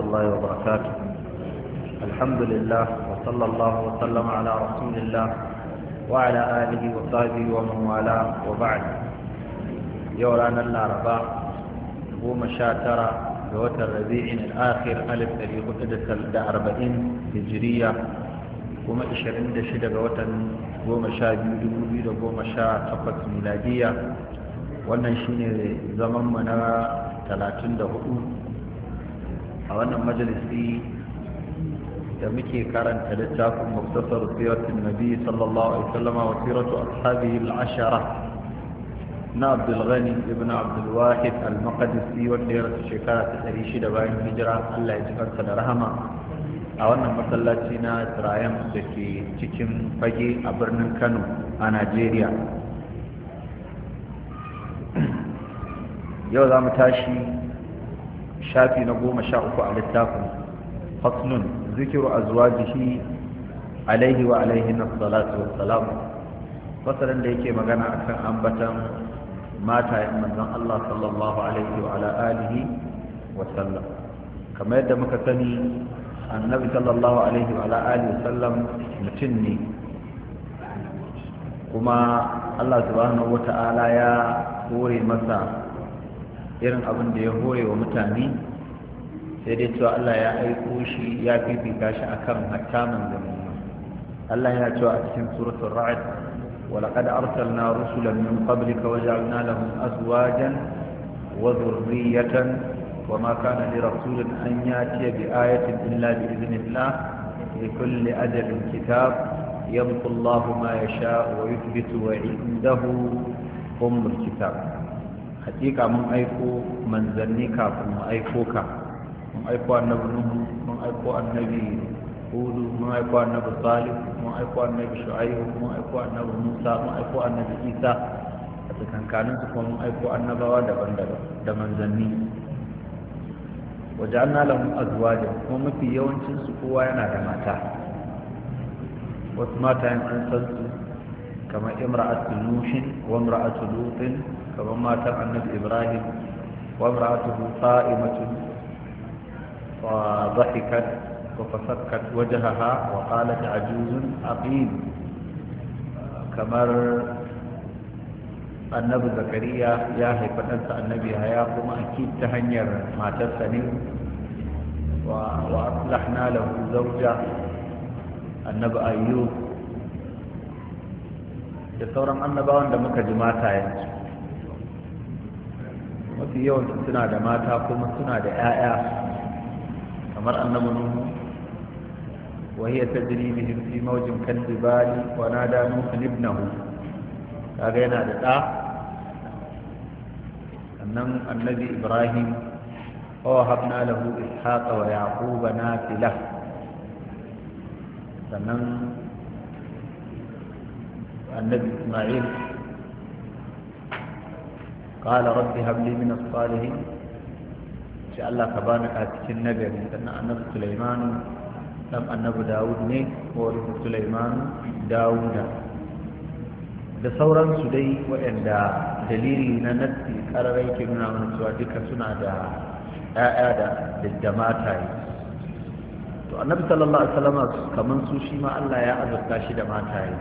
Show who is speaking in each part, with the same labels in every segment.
Speaker 1: الله وبركاته الحمد لله وصلى الله وسلم على رسول الله وعلى آله وصحبه ومن والاه وبعد يورانا الأربعاء قوم شاترة بوتر ربيع الآخر ألف ألي قدس الأربعين هجرية قوم إشرين دشدة بوتر قوم شابي دبوبي قوم شا تقص ميلادية wannan shine zamanmu na 34 a wannan majalisi da muke karanta littafin muktasar siratun nabi sallallahu alaihi wa siratu ashara na Abdul ibn abdulwahid al-Maqdisi wanda ya rasu shekara ta ɗari shida bayan hijira Allah ya ji da rahama a wannan masallaci na Trayam da ke cikin fage a birnin Kano a Najeriya yau za mu tashi shafi na goma sha uku a littafin Fasnun, zikiru a zuwa azwajihi alaihi wa alaihi na salatu wa salam fasalin da yake magana akan ambatan mata matayen manzon Allah sallallahu alaihi wa ala alihi wa sallam kamar yadda muka sani annabi sallallahu alaihi wa ala alihi wa sallam mutum ne kuma Allah subhanahu wa ta'ala ya hore masa irin abin da ya hore wa mutane sai dai cewa Allah ya aiko shi ya fifita shi akan hatta manzanni Allah yana cewa a cikin suratul ra'd ولقد أرسلنا رسلا من قبلك وجعلنا لهم أزواجا وذرية وما كان لرسول أن يأتي بآية إلا بإذن الله لكل أجل كتاب يمحو الله ما يشاء ويثبت وعنده أم الكتاب hakika mun aiko manzanni kafin mu aiko ka mun aiko annabi nuhu mun aiko annabi hudu mun aiko annabi salih mun aiko annabi shu'aibu mun aiko annabi musa mun aiko annabi isa a tsakankanin su kuma mun aiko annabawa daban-daban da manzanni waje'anna lahum azwajan kuma mafi yawancin su kowa yana da mata wasu mata yin an san su kamar imra'atu nuhin wa imra'atu lutin kamar matan annabi ibrahim wa imra'atu qa'imatun وضحكت وفسكت وجهها وقالت عجوز عقيم كمر annabi zakariya ya haifi ɗansa annabi haya kuma akid ta hanyar matarsa ne wa aslahna lahu zauja annabi ayyub da sauran annabawan da muka ji mata yanzu mafi yawan suna da mata kuma suna da 'ya'ya كما أنه نوح وهي تجري بهم في موج كالجبال ونادى نوح ابنه أغينا لتا أن النبي إبراهيم ووهبنا له إسحاق ويعقوب نافلة فمن النبي إسماعيل قال رب هب لي من الصالحين Sai Allah ka bani a cikin nagari sannan annabi Sulaiman dan annabi Dawud ne ko Sulaiman Dawuda da sauran su dai waɗanda dalili na nasti ƙararai ke nuna mana cewa duka suna da ‘ya'ya da da yi. to annabi sallallahu alaihi wasallam kaman su shi ma Allah ya azurta shi da mata yi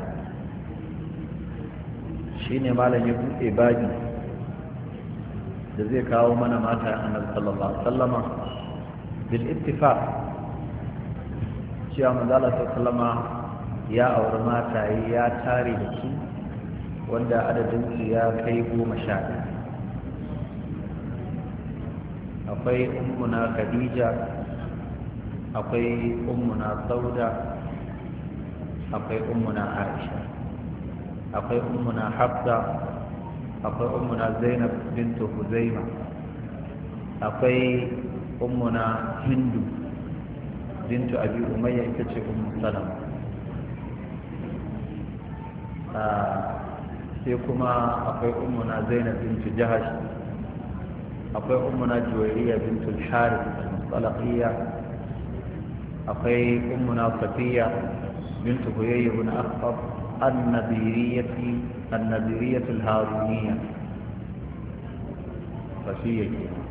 Speaker 1: shine malam ya buɗe da zai kawo mana mata annabi sallallahu alaihi wasallama bil ittifaq cewa manzo Allah sallama ya auri mataye ya tare da su wanda adadin su ya kai goma sha akwai ummuna khadija akwai ummuna sauda akwai ummuna aisha akwai ummuna hafsa akwai ummuna zainab bintu huzaima akwai ummuna hindu bintu abi umayya ita ce ummu salama ah, sai kuma akwai ummuna zainab bintu jahash akwai ummuna juwairiya bintu harith al-musalaqiyya akwai ummuna safiya bintu huyayy ibn akhtab النبيرية النبيرية الهارونية فشيء